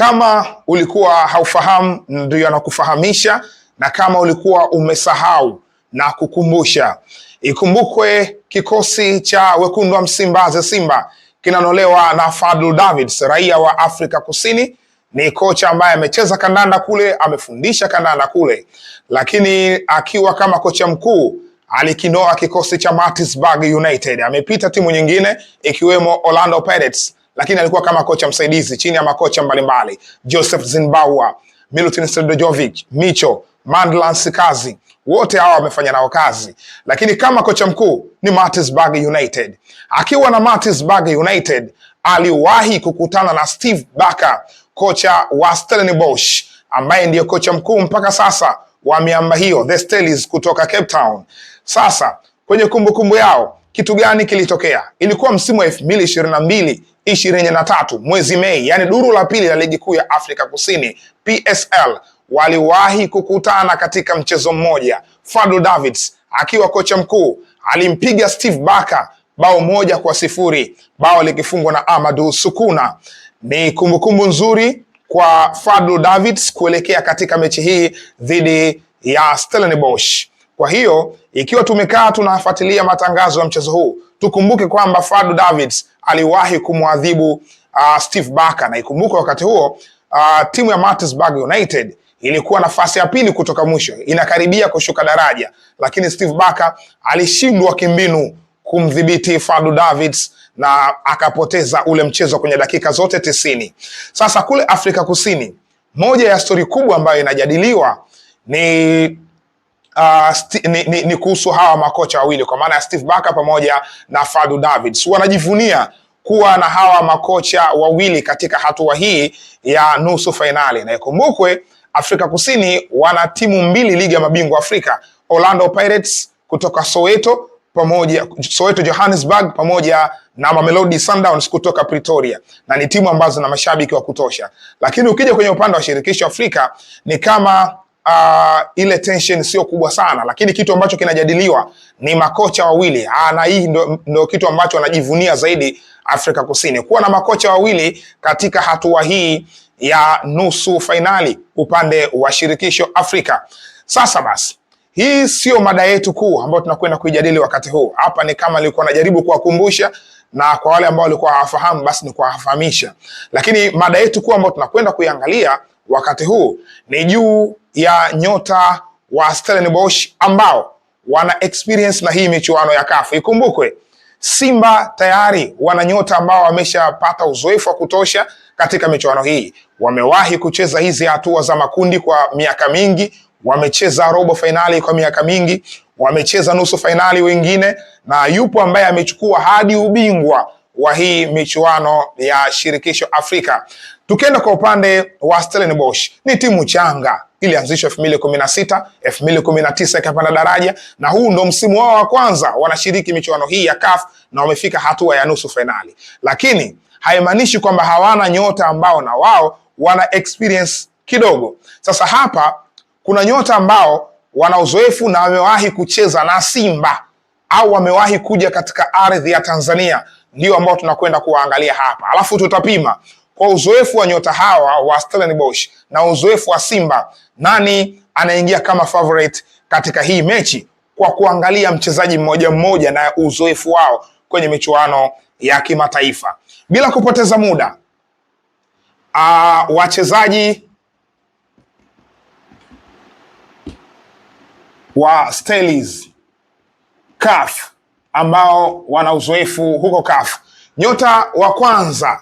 Kama ulikuwa haufahamu, ndio anakufahamisha, na kama ulikuwa umesahau na kukumbusha. Ikumbukwe kikosi cha wekundu wa Msimbazi, Simba, kinanolewa na Fadlu Davids, raia wa Afrika Kusini. Ni kocha ambaye amecheza kandanda kule, amefundisha kandanda kule, lakini akiwa kama kocha mkuu alikinoa kikosi cha Maritzburg United. Amepita timu nyingine ikiwemo Orlando Pirates lakini alikuwa kama kocha msaidizi chini ya makocha mbalimbali: Joseph Zimbabwe, Milutin Sredojovic, Micho Mandlans kazi wote hawa wamefanya nao kazi, lakini kama kocha mkuu ni Maritzburg United. Akiwa na Maritzburg United aliwahi kukutana na Steve Barker, kocha wa Stellenbosch ambaye ndiyo kocha mkuu mpaka sasa wa miamba hiyo the Stellies kutoka Cape Town. Sasa kwenye kumbukumbu kumbu yao, kitu gani kilitokea? Ilikuwa msimu wa elfu mbili ishirini na mbili ishirini na tatu mwezi Mei, yaani duru la pili la ligi kuu ya Afrika Kusini PSL waliwahi kukutana katika mchezo mmoja. Fadlu Davids akiwa kocha mkuu alimpiga Steve Barker bao moja kwa sifuri, bao likifungwa na Amadu Sukuna. Ni kumbukumbu nzuri kwa Fadlu Davids kuelekea katika mechi hii dhidi ya Stellenbosch. Kwa hiyo ikiwa tumekaa tunafuatilia matangazo ya mchezo huu, tukumbuke kwamba Fadlu Davids aliwahi kumwadhibu uh, Steve Barker, na ikumbuke wakati huo uh, timu ya Maritzburg United ilikuwa nafasi ya pili kutoka mwisho, inakaribia kushuka daraja, lakini Steve Barker alishindwa kimbinu kumdhibiti Fadlu Davids na akapoteza ule mchezo kwenye dakika zote tisini. Sasa kule Afrika Kusini, moja ya stori kubwa ambayo inajadiliwa ni Uh, ni, ni, ni kuhusu hawa makocha wawili kwa maana ya Steve Barker pamoja na Fadlu Davids wanajivunia kuwa na hawa makocha wawili katika hatua hii ya nusu fainali, na ikumbukwe Afrika Kusini wana timu mbili ligi ya mabingwa Afrika, Orlando Pirates kutoka Soweto pamoja Soweto Johannesburg pamoja na Mamelodi Sundowns kutoka Pretoria, na ni timu ambazo zina mashabiki wa kutosha, lakini ukija kwenye upande wa shirikisho Afrika ni kama uh, ile tension sio kubwa sana, lakini kitu ambacho kinajadiliwa ni makocha wawili ah, na hii ndo, ndo kitu ambacho wanajivunia zaidi Afrika Kusini, kuwa na makocha wawili katika hatua hii ya nusu fainali upande wa shirikisho Afrika. Sasa basi hii sio mada yetu kuu ambayo tunakwenda kuijadili wakati huu hapa. Ni kama nilikuwa najaribu kuwakumbusha, na kwa wale ambao walikuwa hawafahamu, basi ni kuwafahamisha, lakini mada yetu kuu ambayo tunakwenda kuiangalia wakati huu ni juu ya nyota wa Stellenbosch ambao wana experience na hii michuano ya kafu. Ikumbukwe Simba tayari wana nyota ambao wameshapata uzoefu wa kutosha katika michuano hii. Wamewahi kucheza hizi hatua za makundi kwa miaka mingi, wamecheza robo fainali kwa miaka mingi, wamecheza nusu fainali wengine, na yupo ambaye amechukua hadi ubingwa wa hii michuano ya shirikisho Afrika. Tukienda kwa upande wa Stellenbosch, ni timu changa, ilianzishwa 2016 2019 ikapanda daraja, na huu ndo msimu wao wa kwanza wanashiriki michuano hii ya CAF na wamefika hatua ya nusu fainali, lakini haimaanishi kwamba hawana nyota ambao na wao wana experience kidogo. Sasa hapa kuna nyota ambao wana uzoefu na wamewahi kucheza na Simba au wamewahi kuja katika ardhi ya Tanzania ndio ambao tunakwenda kuwaangalia hapa, alafu tutapima kwa uzoefu wa nyota hawa wa Stellenbosch na uzoefu wa Simba, nani anaingia kama favorite katika hii mechi kwa kuangalia mchezaji mmoja mmoja na uzoefu wao kwenye michuano ya kimataifa. Bila kupoteza muda, uh, wachezaji wa Stelis CAF ambao wana uzoefu huko CAF. Nyota wa kwanza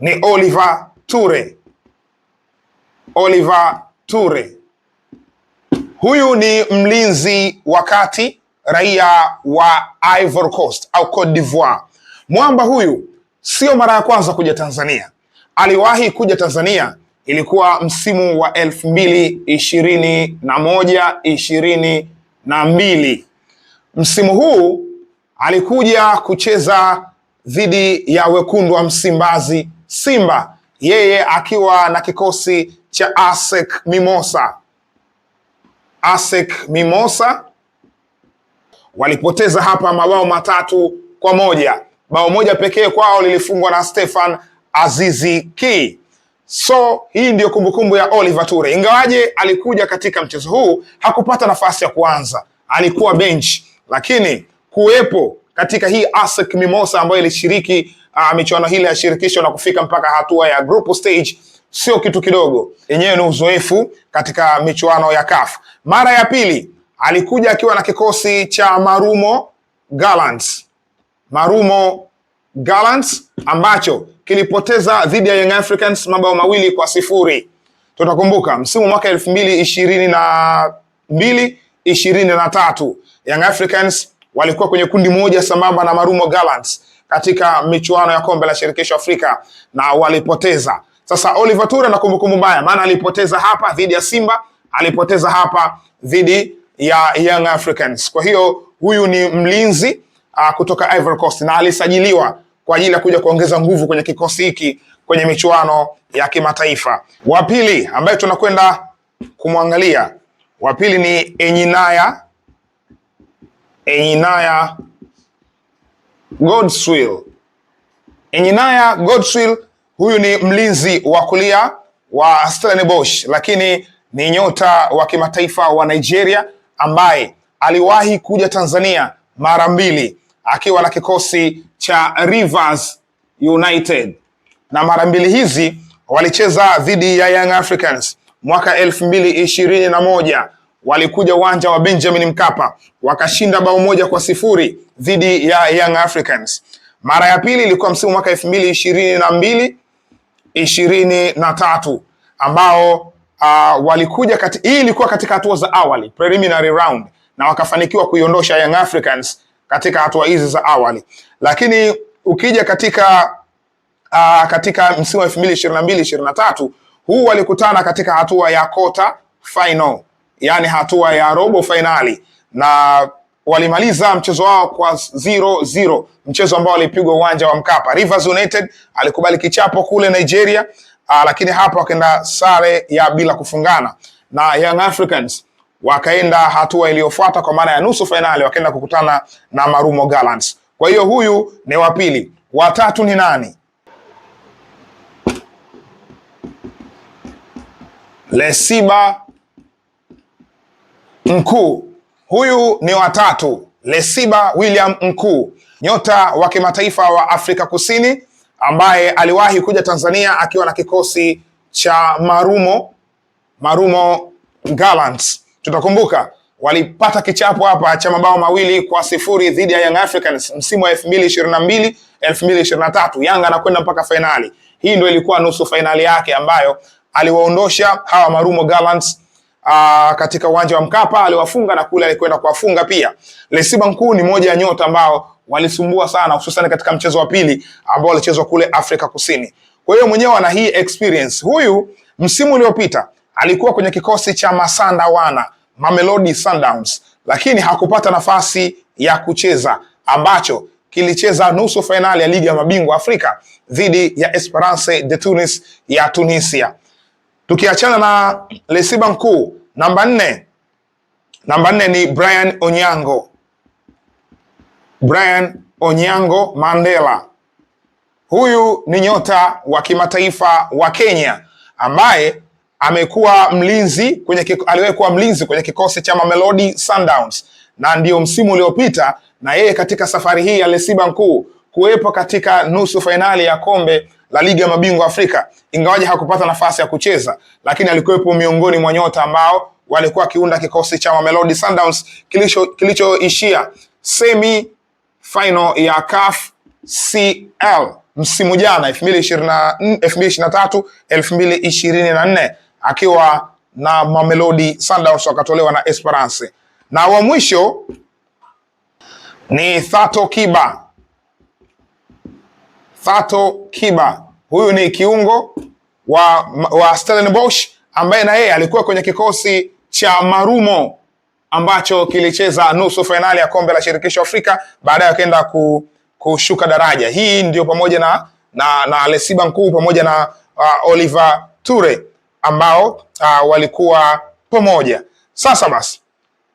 ni Oliver Ture. Oliver Ture huyu ni mlinzi wa kati raia wa Ivory Coast au Cote d'Ivoire. Mwamba huyu sio mara ya kwanza kuja Tanzania, aliwahi kuja Tanzania ilikuwa msimu wa elfu mbili ishirini na moja ishirini na mbili msimu huu alikuja kucheza dhidi ya wekundu wa Msimbazi Simba, yeye akiwa na kikosi cha ASEC Mimosa. ASEC Mimosa walipoteza hapa mabao matatu kwa moja. Bao moja pekee kwao lilifungwa na Stefan Azizi Ki. So hii ndiyo kumbukumbu ya Oliver Ture, ingawaje alikuja katika mchezo huu hakupata nafasi ya kuanza, alikuwa benchi lakini kuwepo katika hii ASEC Mimosa ambayo ilishiriki uh, michuano hile ya shirikisho na kufika mpaka hatua ya group stage sio kitu kidogo. Yenyewe ni uzoefu katika michuano ya CAF. Mara ya pili alikuja akiwa na kikosi cha Marumo Gallants, Marumo Gallants ambacho kilipoteza dhidi ya Young Africans mabao mawili kwa sifuri. Tutakumbuka msimu mwaka elfu mbili ishirini na mbili ishirini na tatu. Young Africans walikuwa kwenye kundi moja sambamba na Marumo Gallants katika michuano ya kombe la shirikisho Afrika na walipoteza. Sasa Oliver Ture na kumbukumbu mbaya, maana alipoteza hapa dhidi ya Simba, alipoteza hapa dhidi ya Young Africans. Kwa hiyo huyu ni mlinzi uh, kutoka Ivory Coast na alisajiliwa kwa ajili ya kuja kuongeza nguvu kwenye kikosi hiki kwenye michuano ya kimataifa. Wa pili ambaye tunakwenda kumwangalia wa pili ni Enyinaya Enyinaya Godswill. Enyinaya Godswill huyu ni mlinzi wa kulia wa Stellenbosch, lakini ni nyota wa kimataifa wa Nigeria ambaye aliwahi kuja Tanzania mara mbili akiwa na kikosi cha Rivers United, na mara mbili hizi walicheza dhidi ya Young Africans mwaka elfu mbili ishirini na moja walikuja uwanja wa Benjamin Mkapa wakashinda bao moja kwa sifuri dhidi ya Young Africans. Mara ya pili ilikuwa msimu mwaka elfu mbili ishirini na mbili ishirini na tatu ambao uh, walikuja kati, hii ilikuwa katika hatua za awali preliminary round, na wakafanikiwa kuiondosha Young Africans katika hatua hizi za awali, lakini ukija katika uh, katika msimu wa elfu mbili ishirini na mbili ishirini na tatu huu walikutana katika hatua ya kota final, yani hatua ya robo fainali na walimaliza mchezo wao kwa 0-0, mchezo ambao walipigwa uwanja wa Mkapa. Rivers United alikubali kichapo kule Nigeria, ah, lakini hapa wakaenda sare ya bila kufungana na Young Africans wakaenda hatua iliyofuata kwa maana ya nusu fainali, wakaenda kukutana na Marumo Gallants. Kwa hiyo huyu ni wa pili, watatu ni nani? Lesiba Mkuu, huyu ni watatu Lesiba William Mkuu, nyota wa kimataifa wa Afrika Kusini ambaye aliwahi kuja Tanzania akiwa na kikosi cha Marumo Marumo Gallants. Tutakumbuka walipata kichapo hapa cha mabao mawili kwa sifuri dhidi ya Young Africans msimu wa 2022 2023. Yanga anakwenda mpaka fainali. Hii ndio ilikuwa nusu fainali yake ambayo aliwaondosha hawa Marumo Gallants Uh, ah, katika uwanja wa Mkapa aliwafunga na kule alikwenda kuwafunga pia. Lesiba Mkuu ni moja ya nyota ambao walisumbua sana hususan katika mchezo wa pili ambao walichezwa kule Afrika Kusini. Kwa hiyo mwenyewe ana hii experience. Huyu msimu uliopita alikuwa kwenye kikosi cha Masanda Wana, Mamelodi Sundowns, lakini hakupata nafasi ya kucheza ambacho kilicheza nusu fainali ya ligi ya mabingwa Afrika dhidi ya Esperance de Tunis ya Tunisia. Tukiachana na lesiba mkuu namba nne, namba nne ni Brian Onyango. Brian Onyango Mandela, huyu ni nyota wa kimataifa wa Kenya ambaye amekuwa mlinzi kwenye, aliwahi kuwa mlinzi kwenye kikosi cha Mamelodi Sundowns na ndiyo msimu uliopita, na yeye katika safari hii ya lesiba mkuu kuwepo katika nusu fainali ya kombe la ligi ya mabingwa Afrika, ingawaje hakupata nafasi ya kucheza, lakini alikuwepo miongoni mwa nyota ambao walikuwa wakiunda kikosi cha Mamelodi Sundowns kilichoishia kilicho semi final ya CAF CL msimu jana 2023 2024 akiwa na Mamelodi Sundowns wakatolewa na Esperance, na wa mwisho ni Thato Kiba Fato Kiba, huyu ni kiungo wa, wa Stellenbosch ambaye na yeye alikuwa kwenye kikosi cha Marumo ambacho kilicheza nusu fainali ya kombe la shirikisho Afrika, baadaye akaenda ku, kushuka daraja. Hii ndio pamoja na, na, na Lesiba Nkuu pamoja na uh, Oliver Ture ambao uh, walikuwa pamoja. Sasa basi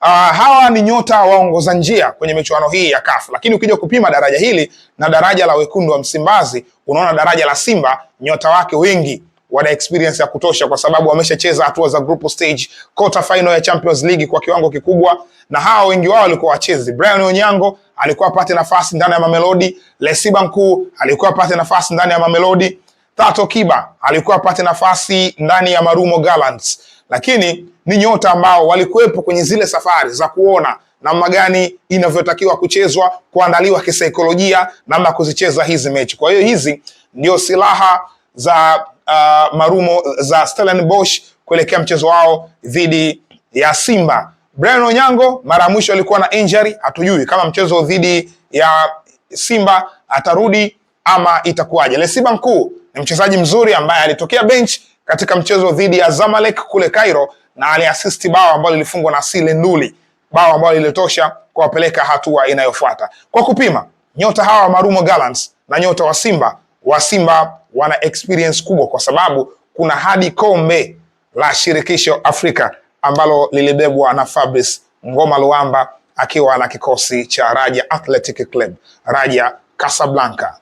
Uh, hawa ni nyota waongoza njia kwenye michuano hii ya CAF, lakini ukija kupima daraja hili na daraja la wekundu wa Msimbazi, unaona daraja la Simba nyota wake wengi wana experience ya kutosha kwa sababu wameshacheza hatua za group stage, quarter final ya Champions League kwa kiwango kikubwa, na hawa wengi wao walikuwa wachezi. Brian Onyango alikuwa apate nafasi ndani ya Mamelodi, Lesiba Nkuu alikuwa apate nafasi ndani ya Mamelodi Tato Kiba alikuwa apate nafasi ndani ya Marumo Gallants, lakini ni nyota ambao walikuwepo kwenye zile safari za kuona namna gani inavyotakiwa kuchezwa, kuandaliwa kisaikolojia, namna kuzicheza hizi mechi. Kwa hiyo hizi ndio silaha za uh, Marumo za Stellenbosch kuelekea mchezo wao dhidi ya Simba. Brian Onyango mara ya mwisho alikuwa na injury, hatujui kama mchezo dhidi ya Simba atarudi ama itakuwaje. Lesiba mkuu ni mchezaji mzuri ambaye alitokea bench katika mchezo dhidi ya Zamalek kule Cairo na aliasisti bao ambalo lilifungwa na Sile Nduli, bao ambalo lilitosha kuwapeleka hatua inayofuata. Kwa kupima nyota hawa Marumo Gallants na nyota wa Simba wa Simba wana experience kubwa, kwa sababu kuna hadi kombe la shirikisho Afrika ambalo lilibebwa na Fabrice Ngoma Luamba akiwa na kikosi cha Raja Athletic Club, Raja Casablanca.